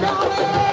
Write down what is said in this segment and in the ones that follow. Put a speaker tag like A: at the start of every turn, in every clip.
A: Bravo!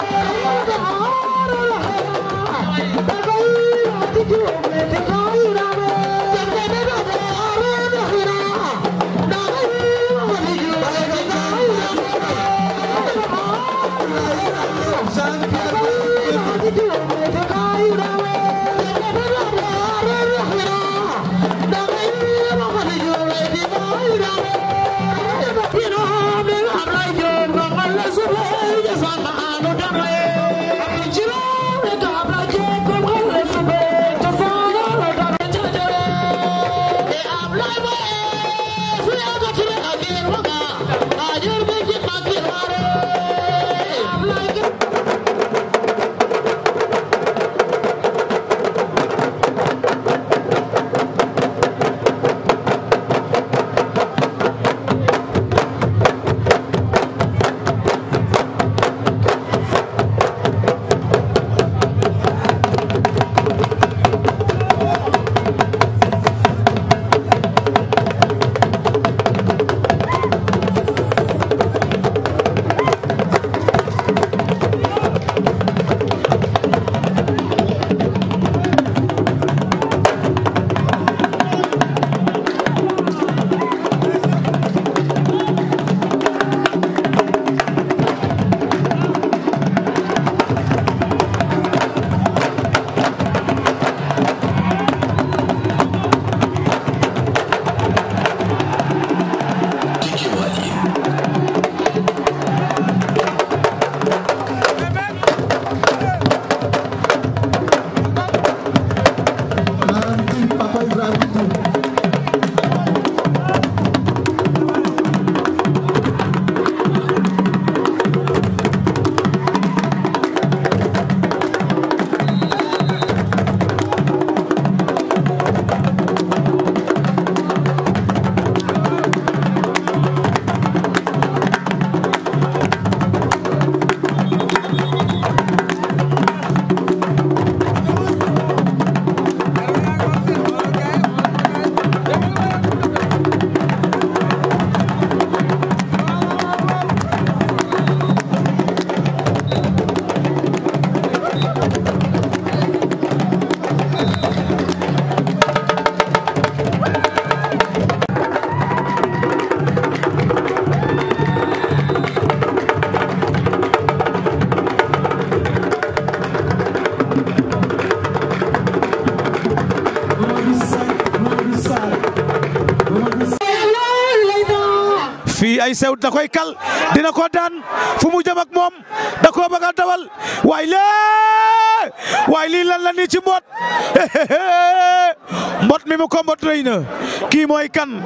B: ay sew da koy kal dina ko daan fu mu jëm ak moom da koo bëgg a dawal waay lee waay lii lan la nii ci mbot mbot mi mu ko mbot rëy na kii mooy kan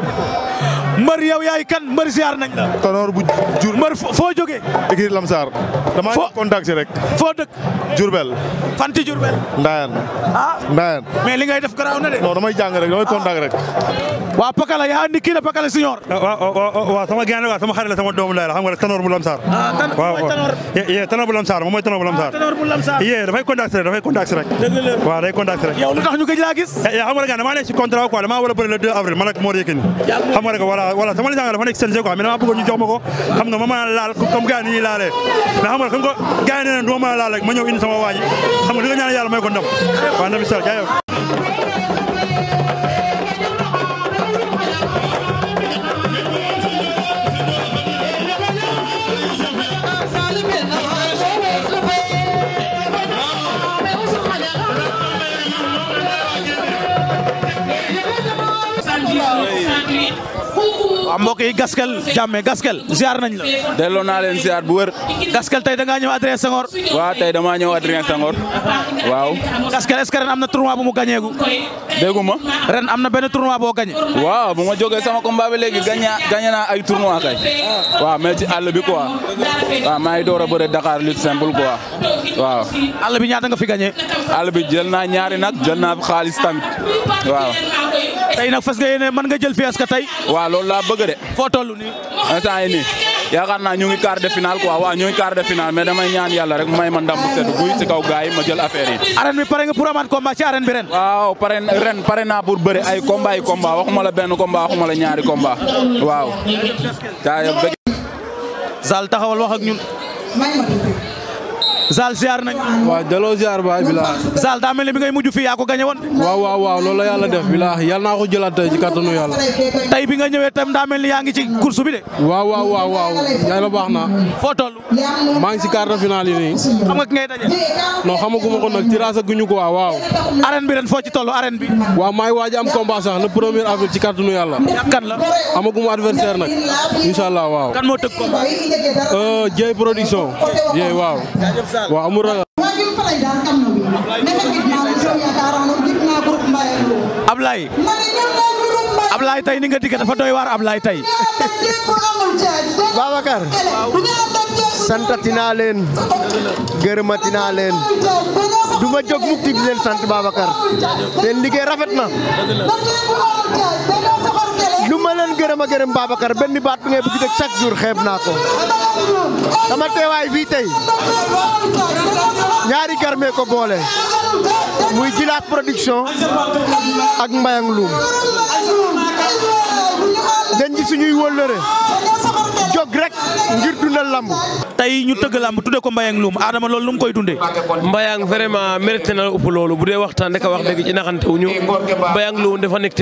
B: mbër yow yaay kan mbër siyaar nañ la. tonor bu jur mbër foo jógee. écurie Lamsar. dama contact si rek. foo dëkk. Diourbel. fan ci Diourbel. Ndayane. ah Ndayane. mais li ngay def garaaw na de. non damay jàng rek damay kontaan rek. waa Pakala yaa
C: andi kii la Pakala Senior. Ah, waaw waaw sama gànnaar waaw sama xarit la sama doomu laay la xam nga rek Tanor bu Lamsar. ah a dafa nekk CNG quoi a laal comme gars a sama waa ji xam nga di ko ñaan yàlla may ko ndam waaw Nafi Sall jaayoo
B: waaw mbokk yi gaskel jàmme gaskel ziar nañ la. delloo naa leen ziar bu wër. gaskel tey da ñëw Adrien Senghor. waa tey damaa ñëw Adrien Senghor waaw. gaskel est que ren am na tournoi bu mu gagné gu. dégguma. ren am na benn tournoi boo gagné. waaw bu ma jógee sama combat bi léegi gagné gagné naa ay tournoi kay. waaw mais ci àll bi quoi. waaw maa ngi door a bëre Dakar lutte simple quoi waaw. àll bi ñaata nga fi gagné. àll bi jël naa ñaari nag jël naa xaalis tamit waaw. tey nag fas nga yéene mën nga jël Fiesta tey. waaw loolu laa bëgg de. foo toll nii. instant yaakaar naa ñu ngi quart de finale quoi waaw ñu
D: ngi quart de finale mais damay ñaan yàlla rek may ma ndam bu sedd buy si kaw gars ma jël affaire yi.
B: arène bi pare nga pour amaat combat ci arène bi ren. waaw pare ren pare naa pour bëri ay combat yi combat waxuma la benn
E: komba waxuma la ñaari komba waaw.
B: Zal taxawal wax ak ñun. Zal ziar nañ waaw delloo ziar baay bilaa Zal daa mel ne bi ngay mujj fii yaa ko gañe woon waaw waaw waaw loolu la yàlla def bilaa yàlla naa ko jëlaat tey ci kàttanu yàlla tey bi nga ñëwee tam daa mel ni yaa ngi ci course bi de waaw waaw waaw waaw yàlla baax na foo toll maa ngi si quart de finale yi nii xam nga ki ngay daje non xamaguma ko nag tirage guñu ko waaw waaw arène bi ren foo ci toll arène bi waaw maa ngi waaj am combat sax le premier avril ci kàttanu yàlla kan la amaguma adversaire nag inshallah waaw kan moo tëgg combat euh Dieye production wa amul ragal tey ni nga digg dafa
A: dooy war Ablaye tey Babacar santatina leen gërëmatina leen du ma sant Babacar seen liggéey rafet na ma leen gërëm a gërëm Babacar benn baat bi ngay bëgg dëgg chaque jour xeeb naa ko sama teewaay fii tey ñaari garmee ko boole muy Djilass Production ak Mbayang Loum
B: denc suñuy wëllëre jóg rek ngir dundal lamb tey ñu tëgg lamb tudde ko mbayang luum Adama loolu lu koy dundee mbayang vraiment mérité na la ëpp loolu bu dee
F: waxtaan rek a wax dëgg ci naxante wu ñu mbayang luum dafa nekk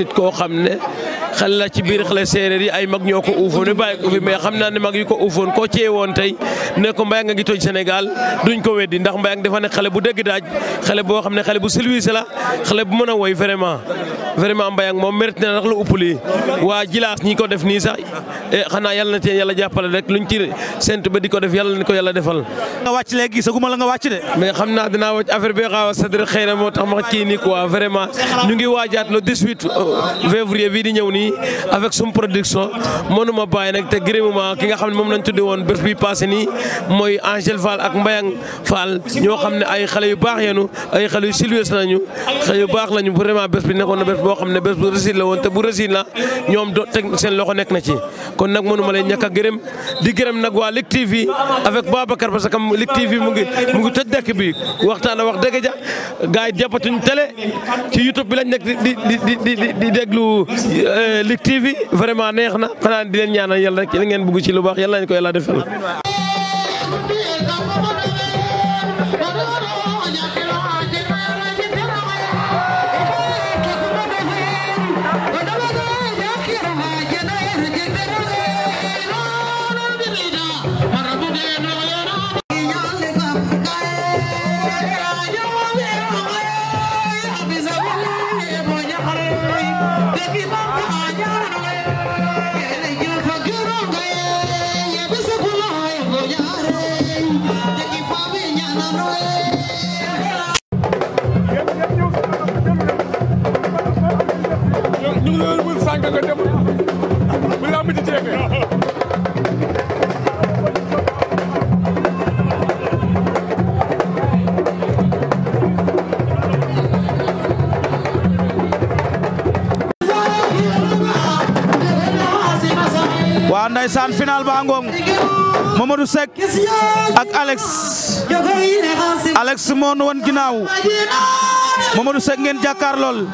F: la ci biir xale séeréer yi ay mag ñoo ko uufoon ñu bàyyi ko fi mais xam naa ne mag yi ko uufoon koo ceewoon tey ne ko mbayang a ngi toj Sénégal duñ ko weddi ndax mbayang dafa nekk xale bu dëgg daaj xale boo xam ne xale bu silwise la xale bu a woy vraiment vraiment mbayang moom mérité na la ëpp lii waa jilaas ñi ko def nii sax eh, xanaa yàlla na ci yàlla jàppale rek luñ ci séntu ba di ko def yàlla ni ko yàlla defal. nga xam naa dinaa wàcc affaire bi xaaw a sadr moo tax ma kii nii quoi vraiment ñu ngi waajaat le 18 euh, février bii di ñëw nii avec sum production mënuma bàyyi nag te gërëmuma ki nga xam ne moom lañ tuddee woon bés bi passé nii mooy Angèle Fall ak Mbayang Fall ñoo xam ne ay xale yu baax yenu ay xale yu silwees lañu xale yu baax lañu vraiment bés bi nekkoon na bés boo xam ne bés bu réussite la woon te bu réussite la ñoom do seen loxo nekk na ci gërëm di gërëm nag waa Ligue TV avec Babacar parce que Ligue TV mu ngi mu ngi tëj dëkk bi waxtaan wax dëgg ja gars yi jàppatuñu télé ci YouTube bi lañ nekk di di di déglu euh, Ligue TV vraiment neex na xanaa di leen ñaanal yàlla rek li ngeen bugg ci lu baax yàlla ko yàlla defal.
B: ndeysaan final ba ngong Mamadou Seck ak Alex Alex moon won ginnaaw Mamadou Seck ngeen jàkkaar lool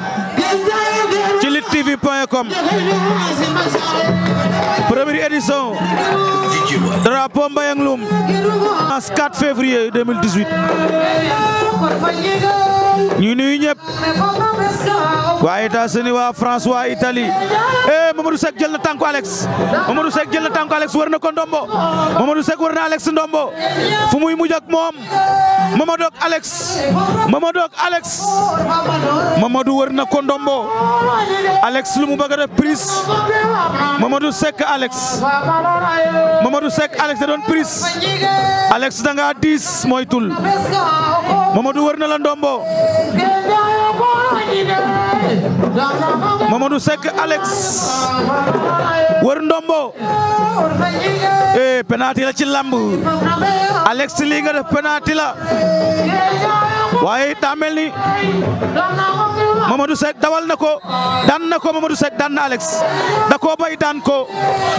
B: ci Lutte TV point com première édition drapeau Mbayang Loum 4 février 2018 ñu nuyu ñëpp waa États-Unis waa France waa Italie eh Mamadou Seck jël na tànku jël na tànku Alex war na ko ndombo fu muy mujj ak moom Mamadou ak Alex Mamadou ak Alex na ko ndombo Alex lu mu bëgg a def prise Mamadou Seck Alex Mamadou Seck Alex da doon prise Alex da diis mooy Mamadou wër na la ndombo Mamadou Seck Alex wër ndombo eh penalty ci lamb Alex lii nga def la waaye daa mel ni Mamadou Seck dawal na ko daan ko Mamadou Seck daan na Alex da koo bay daan ko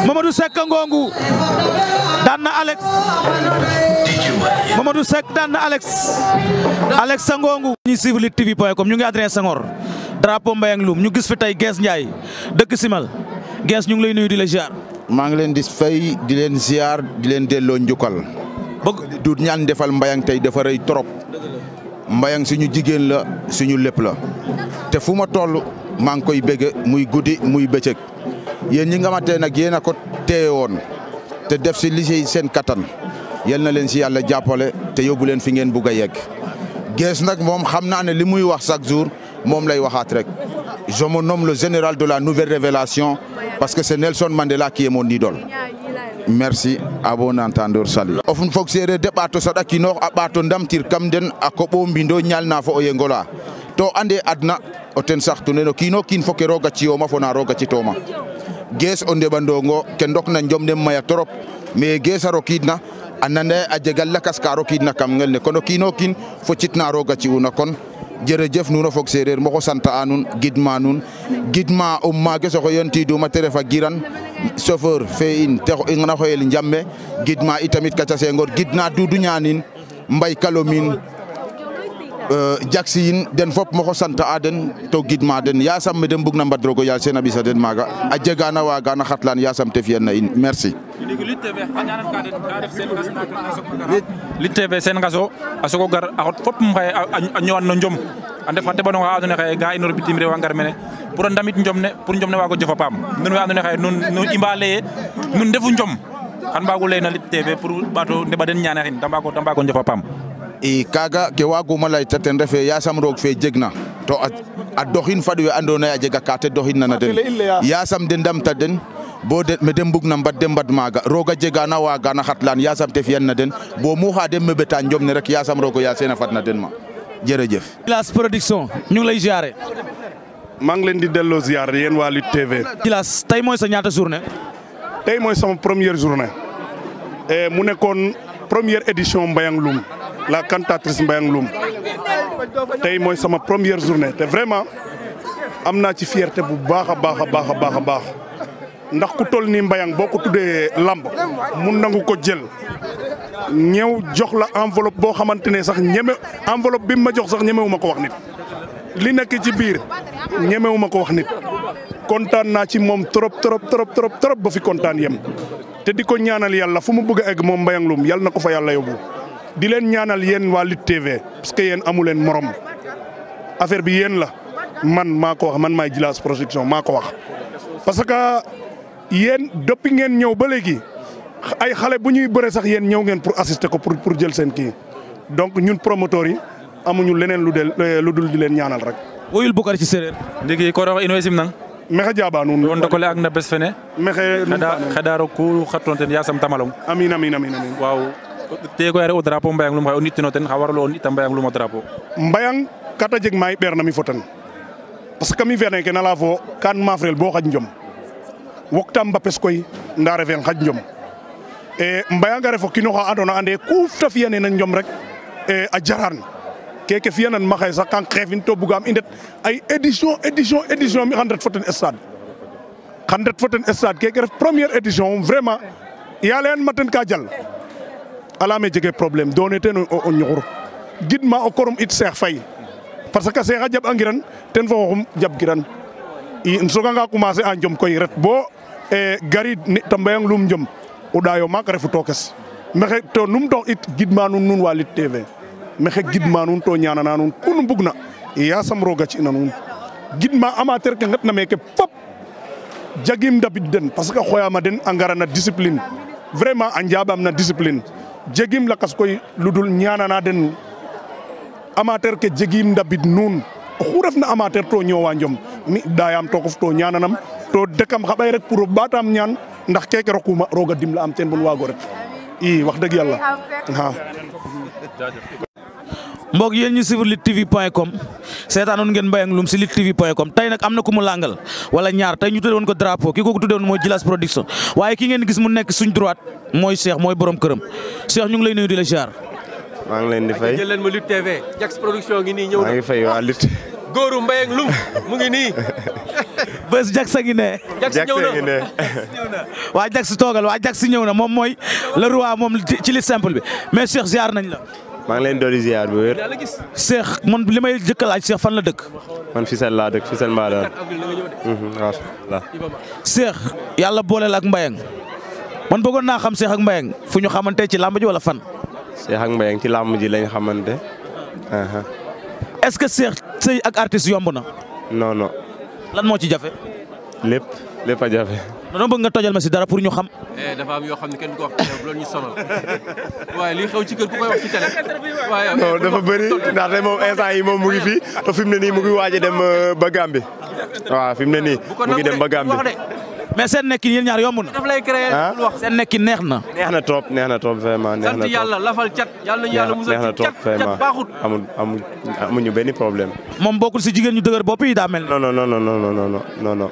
B: Mamadou Seck ngongu daan na Alex Mamadou Seck du na Alex Alex Sangongu ñi suivre Lutte TV point comme ñu ngi Adrien Senghor drapeau Mbayang Loum ñu gis fi tey Guinss Ndiaye dëkk Simal Guinss ñu
E: ngi lay nuyu di la ziar. maa ngi leen di fay di leen ziar di leen delloo njukkal. bëgg du ñaan defal Mbayang tey dafa rëy trop. Mbayang suñu jigéen la suñu lépp la te fu ma toll maa ngi koy bëgg muy guddi muy bëccëg yéen ñi nga xamante nag yéen a ko téye woon te def si li seen kattan. yal na leen si yàlla jàppale te yóbbu leen fi ngeen bugg a yegg Guess nag moom xam naa ne li muy wax chaque jour moom lay waxaat rek je me nomme le général de la nouvelle révélation parce que c'est Nelson Mandela qui est mon idole merci à bon entendeur salut ofun fog sereer de ɓaato saɗakinoox a ɓaato ndamtir kam den a koɓo mbindo ñaalna fo o yengola to ande adna o ten saxtu neen kiino kiin fo ke roog a ci'ooma fo na roog a citooma Guess o ndeɓandong o ke ndokna njom ne a nanda a jega lakas ka rokiidna kam ngel ne kon o kiin o kiin fo citna roog a ci'una kon jerejef nuun o fog seereer moxo sante'a nuun gidma nuun gidma o maages oxe te ref giran chauffeur fe in te na xoyel njame gidma i tamit Kathiase Ngor gidna Doudou Niane in Mbaye Euh, jaksiyin den fop moxo sante'a den to gidma den yasam me den mbadrogo yaal a ɓisa den maaga a jegana waagana xatlan yasam te fi'an in merci
D: Lutte TV seen ngaso a soog gar a xot fop xaye a ñowan no Njom a ndef xa teɓanonga xa andoona xaye ga inoor bitim reew a ngar mene a ndamit Njom ne pour Njom ne paam nuun we andoona xaye nun i mba lay nun ndefu Njom xan mbaag o lay na Lutte TV pour den ñaanexin
E: ta mbaag o paam i kaga ke waaguma layta ten refe yasam roog fe jegna to a doxin fad we andoona yee a jega ka te doxinna den yasam de ndamta den bo de mbad de mbad maaga roog a jega na waaga na xatlaan yasam te fi'an na den bo muxa den meɓeta njom rek yasam roog o yaase na fadna den ma jërëjëf
B: Djilass Production ñu
C: ngi lay ziare maa ngi leen di delloo ziar yéen TV. Djilass tey mooy sa ñaata journée. tey mooy sama première journée. Eh, mu nekkoon première édition Mbayang Loum la cantatrice Mbayang Loum tey mooy sama première journée te vraiment am naa ci fierté bu baax a baax a baax a baax a baax ndax ku toll nii Mbayang boo ko tuddee lamb mu nangu ko jël ñëw jox la enveloppe boo xamante ne sax ñeme enveloppe bi mu ma jox sax ñemewu ma ko wax nit li nekk ci biir ñemewu ma ko wax nit kontaan naa ci moom trop trop trop trop trop ba fi kontaan yem te di ko ñaanal yàlla fu mu bëgg a egg moom Mbayang Loum yàlla na ko fa yàlla yóbbu di leen ñaanal yéen waa Lutte TV parce que yéen amu leen morom affaire bi yéen la man maa ko wax man maay Djilass Production maa ko wax. parce que yéen depuis ngeen ñëw ba léegi ay xale bu ñuy bëre sax yéen ñëw ngeen pour assister ko pour pour jël seen kii donc ñun promoteurs yi amuñu leneen lu del euh, lu dul di leen ñaanal rek. woyul Boucar ci séeréer. ndiki ko wax ino simnang mexe jaaba nuun won ndokole ak na bes fene
D: mexe xeda roku xatonten yasam tamalong amin amin waaw te koy re o drapeau mbayang lum xaye o nit o nita mbayang
C: kata jeg i ɓeerna mi fo ten parce que mi fene ke na layaa fo kan maafrel bo xaƴ njom woktaam mbapes koy nda refeen xaƴ njom e mbayang a ref o kiin oxa andoona ande ku ta fi'aneena njom rek e a jaraan keke fi'anan ma xaye sax kan xeefin to bugaam i ndet ay édition édition mi xan ret fo ten stade xan ret fo ten stade keke ref première édition um vraiment yaa layan ma ten ka jal alame jege probléme doneten o ñuxur gidma o korum it Cheikh Faye parce que Cheikh a jaɓangiran ten fo xooxum jaɓkiran i um sooganga commencer a Njom koy ret bo e garid ta mbayang lum Njom o ɗaayo maak refu tookes maxey to num it gidma nuun nuun wa Lutte gidma nuun to ñaanana nuun ku nu yaasam roog a ci'na nuun gidma amateur ke nqetna meeke fop jagim ndabid den parce que xooyaam a den a ngara discipline vraiment a njaɓaam discipline jegim lakas koy ludul ñanana den amateur ke jegim ndabid nuun oxu refna amateur to ñowa njom mi dayam tokof to ñananam to dekam bay rek pour o ɓatam ñaan ndax keke rokuma roga dimla am teen bon waago ret i wax dëgg yàlla a mbokk yéen ñu suivre Lutte TV point com seetaanoon
B: ngeen Mbayang Loum si Lutte TV point com tey nag am na ku mu langal wala ñaar tey ñu tuddee woon ko drapeau ki ko tuddee woon mooy Djilass Production waaye ki ngeen gis mu nekk suñ droite mooy Cheikh mooy borom këram Cheikh ñu ngi lay nuyu di la ziar. maa ngi leen di
G: fay leen
A: ma Lutte TV. Jax production ngi nii ñëw na maa ngi
B: fay waa Lutte.
A: góoru mbay ak lum mu ngi nii.
B: bés Jax a ngi ne. Jax ñëw na waa Jax toogal waa Jax ñëw na moom mooy le roi moom ci li simple bi mais Cheikh ziar nañ la. maa ngi leen doon ziar bu wér. Cheikh man li may jëkk a laaj fan la dëkk. man Fissel laa dëkk Fissel Mbadane. Mhm, waaw. Cheikh yàlla booleel ak Mbayang man bëggoon naa xam Cheikh ak Mbayang fu ñu xamante ci làmb ji wala fan. Cheikh ak Mbayang ci làmb ji lañ xamante. est-ce que Cheikh sëy ak artiste yomb na. non non. lan moo ci jafe. lépp lépp a jafe. non bëgg nga tojal ma si dara pour ñu xam.
A: Eh, dafa am yoo xam ne kenn du ko li xew ci kër
B: bëri ndaxte moom instant yi moom mu ngi fii te fi mu ne nii mu ngi
G: waaj a dem euh, ba Gambie waaw fi mu ne nii mu ngi dem ba Gambie. mais seen nekkin yéen ñaar yomb na.
A: daf lay créer ah? seen
G: nekkin neex na. neex na trop neex na trop vraiment. neex na trop sant yàlla
A: lafal cat. yàlla nañu yàlla musal ci baaxut.
G: amul amul amuñu benn problème. moom bokkul si jigéen ñu dëgër bopp yi daa mel. non non non non non no non non.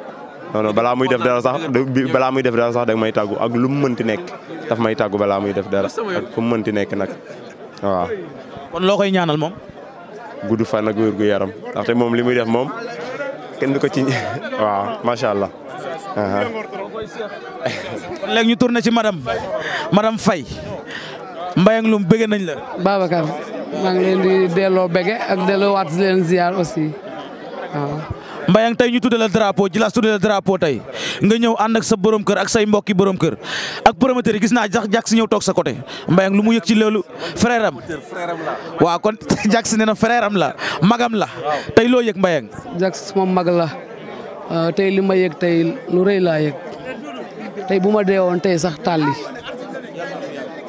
G: non non balaa muy def dara sax balaa muy def dara sax da may tàggu ak lu mu mënti nekk daf may tàggu balaa muy def dara ak fu mu mënti nekk nag waaw. kon loo koy ñaanal moom. gudd fan ak wér gu yaram ndaxte moom li muy def moom kenn du ko ci waaw macha allah.
B: kon léegi ñu tourné ci madame madame Faye Mbayang Loum bëgg
H: nañ la. Babacar maa ngi di delloo bëgge ak delloo waat leen ziar aussi waaw.
B: Mbayang ñu tuddee la drapeau Djilass tuddee la drapeau tey nga ñëw ànd ak sa borom kër ak say mbokki borom kër ak promoteur yi gis naa sax Jax si ñëw toog sa côté Mbayang lu mu yëg ci loolu frère am waaw kon Jax nee na frère la magam la tey loo yëg
H: Mbayang. Jax moom mag la. Euh, tey li ma yëg tey lu rëy laa yëg tey bu ma dee woon tey sax tàlli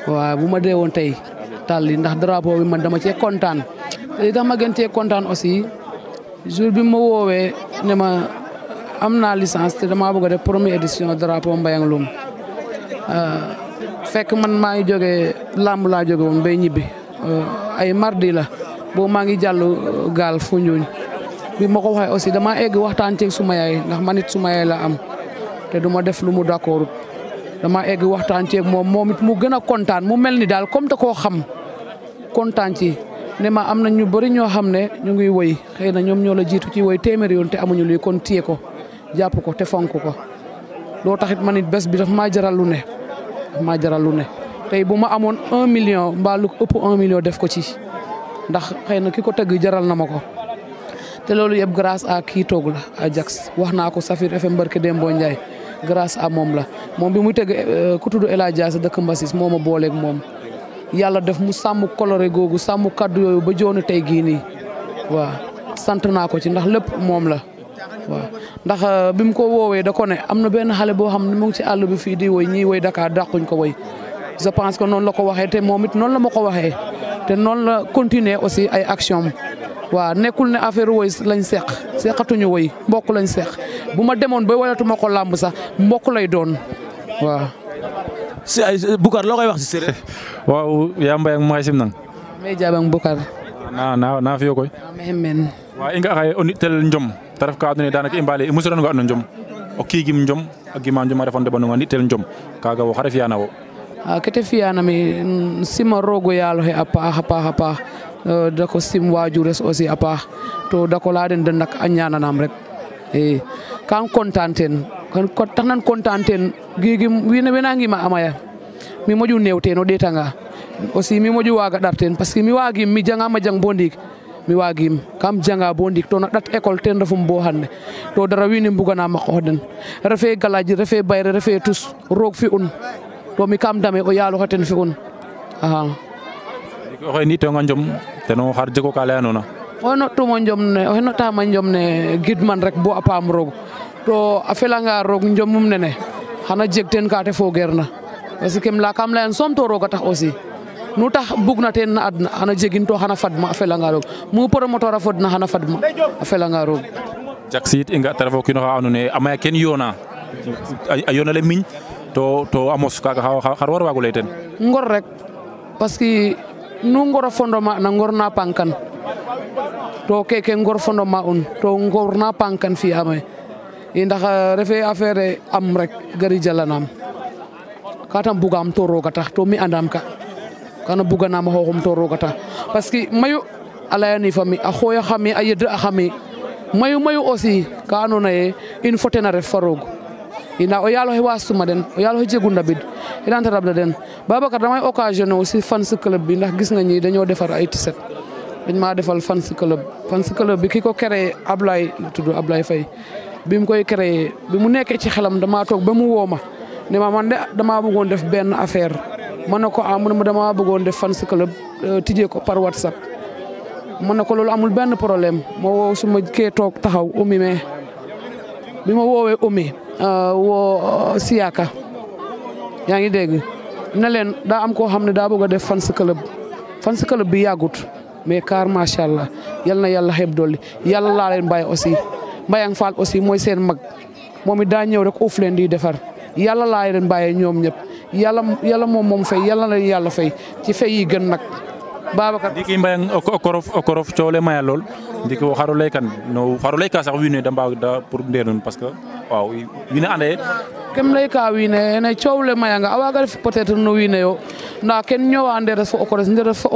H: waa bu ma dee woon tey tàlli ndax drapeau bi man dama cee kontaan li dama ma gën kontaan aussi jour bi ma woowee ne ma am naa licence te damaa bëgg a def première édition drapeau Mbayang Loum euh, fekk man maa ngi jógee làmb laa jóge woon bay ñibbi euh, ay mardi la maa ngi jàll gaal fu bi ma ko waxee aussi dama egg waxtaan ceeg suma yaay ndax manit it suma yaay la am te duma def lu mu d'accordut dama egg waxtaan ceeg moom moom it mu gën a kontaan mu mel ni daal comme te koo xam kontaan ci ne ma am na ñu bari ñoo xam ne ñu ngi woy xëy na ñoom ñoo la jiitu ci woy téeméeri yoon te amuñu lii kon téye ko jàpp ko te fonk ko loo taxit man it bés bi daf maa jaral lu ne daf maa jaral lu ne tey bu ma amoon un million mbaa ëpp un million def ko ci ndax xëy na ki ko tëgg jaral na ma ko. te loolu yëpp grace à kii toog la à Jax wax naa ko Safir FM barke Dembo Ndiaye grâce à moom la moom bi muy tëgg euh, ku tudd El Hadj Dia dëkk Mbassis moo ma booleeg moom. yàlla def mu sàmm kolore googu sàmm kaddu yooyu ba joonu tey gii nii waaw sant naa ko ci ndax lépp moom la waaw ndax euh, bi mu ko woowee da ko ne am na benn xale boo xam ne mu ngi ci àll bi fii di woy ñii woy Dakar dàquñ ko woy je pense que noonu la ko waxee te moom it noonu la ma ko waxee te noonu la continuer aussi ay action waaw nekkul ne affaire woy lañ seq seqatuñu woy mbokk lañ seq bu ma demoon ba wayatuma ko làmb sax mbokk lay doon waaw.
D: si ay Boucar loo koy wax si séeréer. waaw yaa mbay ak maa
H: may jaabang Boucar.
D: naa naa naa koy. i nga xay o nitel njom te ref ka andoona yee daanaka i mbaale i musiranonga and no njom o kiigim njom a gima njom a refo ndeɓanonga nitel njom kaaga wo xare fi'aana wo
H: a ke ta fi'aanam a roog o yaal a paax a paax a paax Euh, dako sim waajures aussi a paax to dako laya den de ndak a ñaananaam rek i kan kontaan teen taxnan kontaan teen giigim wiin we na ngima a maya mi moƴu neew teen o ɗeetanga aussi mi moƴu waaga ɗar teen parce que mi waagiim mi jangaam a jang bo ndiik mi waagiim kam janga bo ndiik to na ɗat école ten refum bo to dara wiin we mbuganaam a qoox den refee galaaj refee bayre refee tus roog fi'un to mi kaam dame o yaaloxe ten fi'un axa
D: o teno xar jego ka layanona
H: oxe notuma njom ne oxe notama gidman rek bo a paam roog to a felanga roog njomum nene xana jeg ka te fogeerna parce que kem leya kam layan soom to rooga tax aussi nu tax bugna teen na adna xana jegin to xana fadma a felanga roog mu promoteur a fodna xana fadma a felanga roog
D: jak i nga ta ref o kiino xa andoona yee a maya ken yoona a yoona le miñ to a mos kaaga xar war waago lay teen
H: ngor rek parce nu ngor fondo ma na pankan to keke ngor fondo un to ngorna pankan fi'aam i ndax eh, refe affaire am rek gari jalanaam ka ta to roog tax to mi andaam ka kana buganaam a xooxum to roog tax parce que mayu a layani fa mi a xooyaxam a yed'axam mayu mayu aussi ka andoona yee in fo ten a ref fa roog ina o yaaloxe waasuma den o yaaloxe jegu ndabid i naan ta rabda den Babacar damay occasionné aussi fans club bi ndax gis nga ñi dañoo defar ay tiset dañ maa defal fan club fans club bi ki ko créé Ablaye tudd Ablaye fay bi mu koy créé bi mu nekkee ci xelam damaa toog ba mu woo ma ne ma man de damaa buggoon def benn affaire ma ne ko ah mu ne ma damaa bëggoon def fan club euh, tijjee ko par WhatsApp ma ne ko loolu amul benn problème ma woo su ma kee toog taxaw umi bi ma woowee umi Euh, woo euh, Siyaaka yaa ngi dégg na leen daa am koo xam ne daa bëgg a def fans club fan club bi yàggut mais car macha allah yal na yàlla xeb dolli yàlla laa leen bàyyi aussi Mbayang Fall aussi mooy seen mag moom it daa ñëw rek uuf leen di defar yàlla laa leen bàyyi ñoom ñëpp yàlla yàlla moom moom fay yàlla na leen yàlla fay ci fay yi gën nag.
D: Babacar ndiki Mbayang okorof okorof coole maya lool ndiki wo xarulay kan no xarulay ka sax wiin we da mbaag da pour ndeer waaw wiin we anda ye
H: kem layka wiin we ne coowle mayanga a waaga ref peut être no wiin we yo ndaa ken ñowa nderes fo o kores nderes fo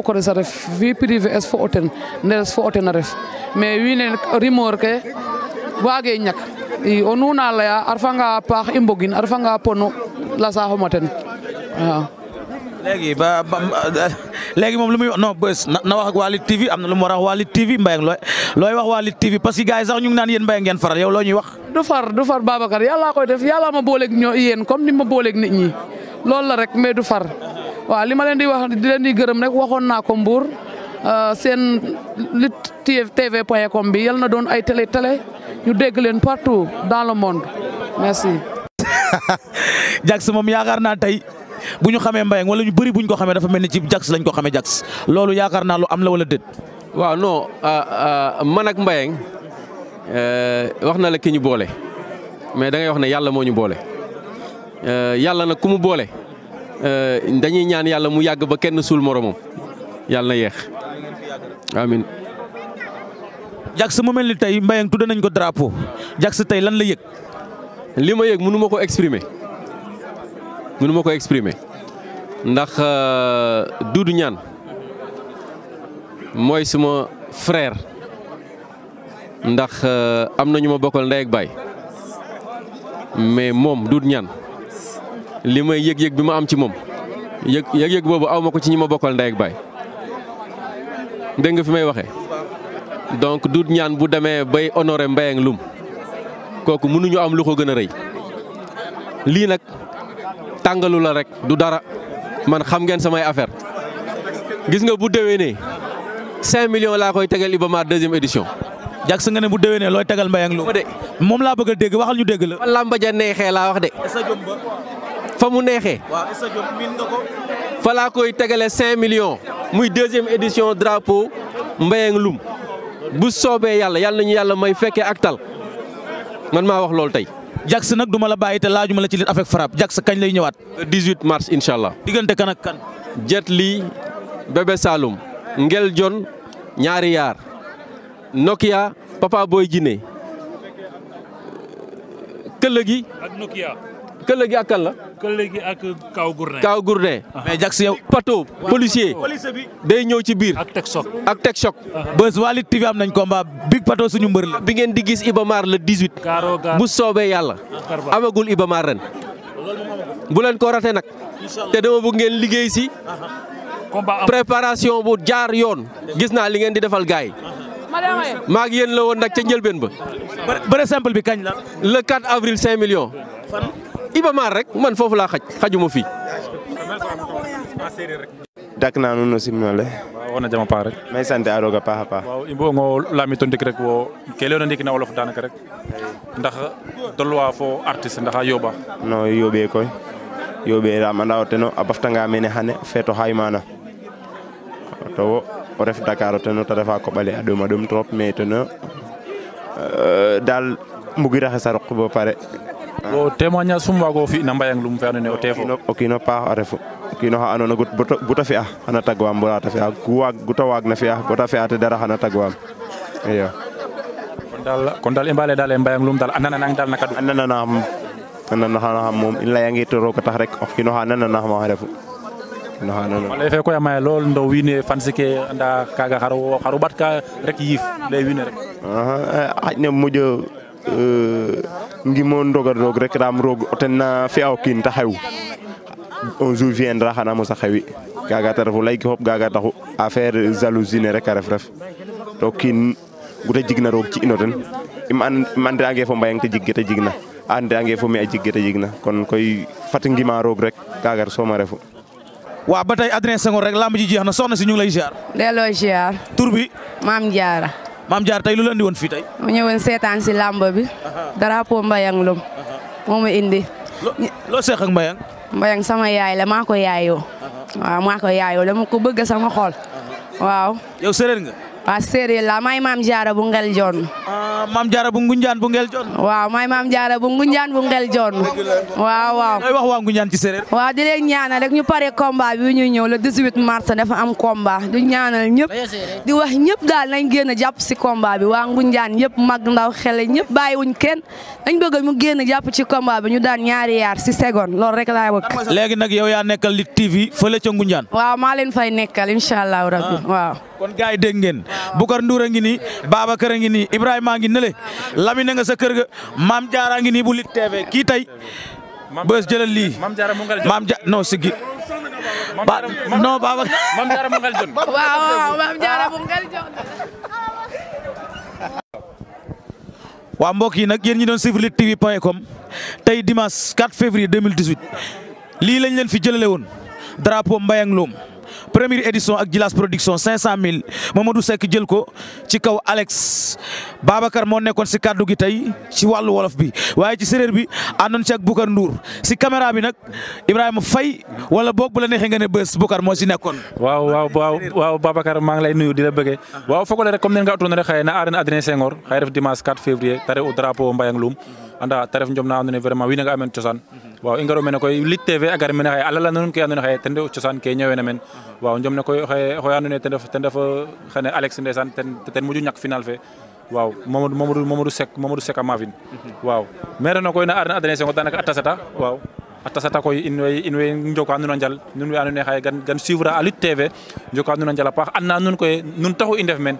H: o ten a ref mais wiin we rumeur ke waage ñak i o nuuna laya a refanga paax i mbogin a refanga ponu lasaaxuma ten waaw
B: léegi ba ba moom lu muy non bés na wax ak waa Lutte TV am na lu mu a wax waa Lutte TV Mbaye looy looy wax waa Lutte TV parce que gars
H: sax ñu ngi naan yéen Mbaye ngeen faral yow loo ñuy wax. du far du far Babacar yàllaa koy def yàllaa ma booleeg ñoo yéen comme ni ma booleeg nit ñi loolu la rek mais du far waaw li ma leen di wax di leen di gërëm rek waxoon naa ko Mbour euh, seen Lutte TV point com bi yal na doon ay télé télé ñu dégg leen partout dans le monde merci.
B: Jackson moom yaakaar naa tey. bu ñu xamee Mbayang wala ñu bëri bu ñu ko xamee dafa mel ni ci Jax lañ ko xamee Jax
A: loolu yaakaar naa lu am la wala déet. waaw non ah, ah, man ak Mbayang eh, wax na la ki ñu boole mais da ngay wax ne yàlla moo ñu boole eh, yàlla na ku mu boole eh, dañuy ñaan yàlla mu yàgg ba kenn suul moromam yàlla na yéex amin Jax mu mel ni tey Mbayang tudd nañ ko drapeau Jax tey lan la yëg. li ma yëg mënu ma ko exprime mënu ma ko exprimer ndax euh, Doudou ñaan mooy suma frère ndax euh, am nañu ma bokkal ndey ak baay mais moom Doudou ñaan li may yëg-yëg bi ma am ci moom yëg yëg-yëg boobu aw ma ko ci ñu ma bokkal ndey ak baay dégg nga fi may waxee donc Doudou ñaan bu demee bay honoré Mbayang Loum kooku mënuñu am lu ko gën a rëy lii nag. tàngalu la rek du dara man xam ngeen samay affaire gis nga bu déwénee 5 millions laa koy tegal Iba Mar deuxième édition. jàkk sa nga ne bu déwénee looy tegal Mbayang Lo moom laa bëgg a dégg waxal ñu dégg la. fan neexee laa wax de. fa mu neexee. waaw laa koy tegalee 5 millions. muy deuxième édition drapeau Mbayang Loum bu soobee yàlla yàlla nañu yàlla may fekkee ak tal man maa wax loolu tey. Jax nag du la bàyyi te laajuma la ci lutte avec frappe Jax kañ lay ñëwaat. le 18 mars incha allah. diggante kan ak Jet Li Bébé Saloum. Ngel Jon ñaari yaar. Nokia Papa Boy Djiné. këll gi ak këll gi ak kan la. këll gi ak Kaaw Gourdin. Kaaw Gourdin. Ah. mais Jax pato policier. day ñëw ci biir. ak teg choc ak teg choc. Ah, ah. bés waa Lutte TV am nañ combat big pato suñu mbër la. bi ngeen di gis Ibamar le 18. Karo bu soobee yàlla. amagul Ibamar ren. bu leen ko rate nag. te dama bëgg ngeen liggéey si. préparation bu jaar yoon. gis naa li ngeen di defal gars yi. maa ngi yéen la woon nag ca njëlbeen ba. bëre simple bi kañ la. le avril 5 Iba Mar rek man foofu la xaj xajuma fii. dak naa nuun no simnole
G: wona jam a a roog a paax a paax
D: waaw i mbuganga o ndik rek wo ke leyoona ndiiki na wolof daanaka rek ndax dolwa fo artiste ndax a yooɓa
G: non yooɓee koy yooɓee yaam anda o ten o a baftanga mene xane feeto xay maana to wo o ref Dakar o ten o te refa koɓale a ɗoma ɗom trop mais ten o euh, daal mbugir a xes bo pare
D: o témoignage fum waago fi'in a mbayang
G: lum fe andoona yee o teef o kiin o paax a refu o kiin oxa andoona a bata fi'a xana tagwaam bala ta fi'a ku ta waagna fi'a bata fi'a te dara xana tagwaam iyo
D: i mba daal e mbayang lum daal a nananang daal na kadu a a nananaxam i layange
G: roog a tax rek o kiin oxa nananaxam a refu
D: malay fe koy a maya lool ndo wiin we fansi anda xaro ɓat ka rek yiif lay wiin we rek eh,
G: Euh, ngimo ndoga roog rek ram roog o ten na fi'a o kiin ta xew un jour viendra xana mos a xewi kaaga te o lay ke fop kaaga taxu affaire jalousie ne rek a ref ref to kiin gu ta roog ci ino ten im ande ange fo mbayang te jig te jigna ande ange fo me a jig te jigna kon koy
B: fat ngima roog rek kaaga soom a refu waaw ba tey Adrien rek lamb ji jeex na soxna si ñu lay ziar
H: delloo ziar bi maam Jaara
B: maam jaar tey lu la indi woon
H: mu ñëwoon seetaan si làmb bi. drapeau Mbayang Loum. moo ma indi. loo seex ak Mbayang. sama yaay la maa ko yaayoo. waaw maa ko yaayoo dama ko bëgg sama xol. waaw. yow séeréer nga. waaw séeréer la may maam jaara bu ngel joon ah, maam jaara bu ngunjaan bu ngel joon waaw may maam jaara bu ngunjaan bu ngel joon waaw waaw looy wax waa ngunjaan ci séeréer waaw di leen ñaanal rek ñu pare combat bi ñu ñëw la 18 mars dafa am combat du ñaanal ñëpp di wax ñëpp daal nañ génn jàpp si combat bi waa ngunjaan ñëpp mag ndaw xele ñëpp wuñ kenn dañ bëgg mu génn jàpp ci combat bi ñu daan ñaari yaar si seconde loolu rek laay bëgg
B: léegi nag yow yaa nekkal li TV fële ca ngunjaan waaw kon gars yi dégg ngeen Boucar Ndour a ngi nii Babacar a ngi nii Ibrahima a ngi nële Lamine nga sa kër ga Maam Jaara a ngi nii bu Lit TV kii tey bës jëlal lii Maam Jaara non siggi ba non Baba Maam Jaara mu ngal jon waaw Maam Jaara mu ngal jon waa mbokk yi nag yéen ñi doon suivre luttetv.com tey dimanche 4 février 2018 lii lañ leen fi jëlale woon drapeau Mbayang Loum première édition ak Djilass production 500000 Mamadou Seck jël ko ci kaw Alex Babacar moo nekkoon si kaddu gi tey ci wàllu wolof bi waaye ci séréer bi àndoon ci ak Boucar Ndour si caméra bi nag Ibrahima Faye wala boog bu la neexee nga ne bés Boucar moo nekkoon. waaw waaw
D: waaw lay nuyu di la bëggee waaw foog rek comme ni nga utoon rek xëy na arène Adrien Senghor xëy def dimanche 4 février tare au drapeau Mbayang Loum anda taref njom na andoona yee vraiment waaw i ngaro mene koy Lutte TV a gar mene xaye a lala nuun ke andoona yee xaye ten ref cosaan ke ñoweena meen waaw njom ne koy oxe andoona yee ten ref ten Alex ndeysaan ten moƴu ñak final fe waaw Mamadou Mamadou Seck a maafin mhm. waaw me koy na arna Adrien daanaka a tasata waaw a tasata koy in way in way a njal nuun we andoona yee xaye gan suivre a Lutte TV njoka nuun a njal
B: a paax andna nuun koy taxu i ndef meen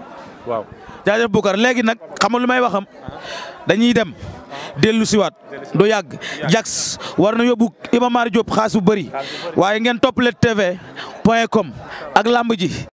B: waaw jaajëf Boucar léegi nag xam nga may waxam dañuy dellu siwaat du yàgg jax war na yóbbu Iba Mar Diop xaas bu bëri waaye ngeen tople Lutte TV point com ak lamb ji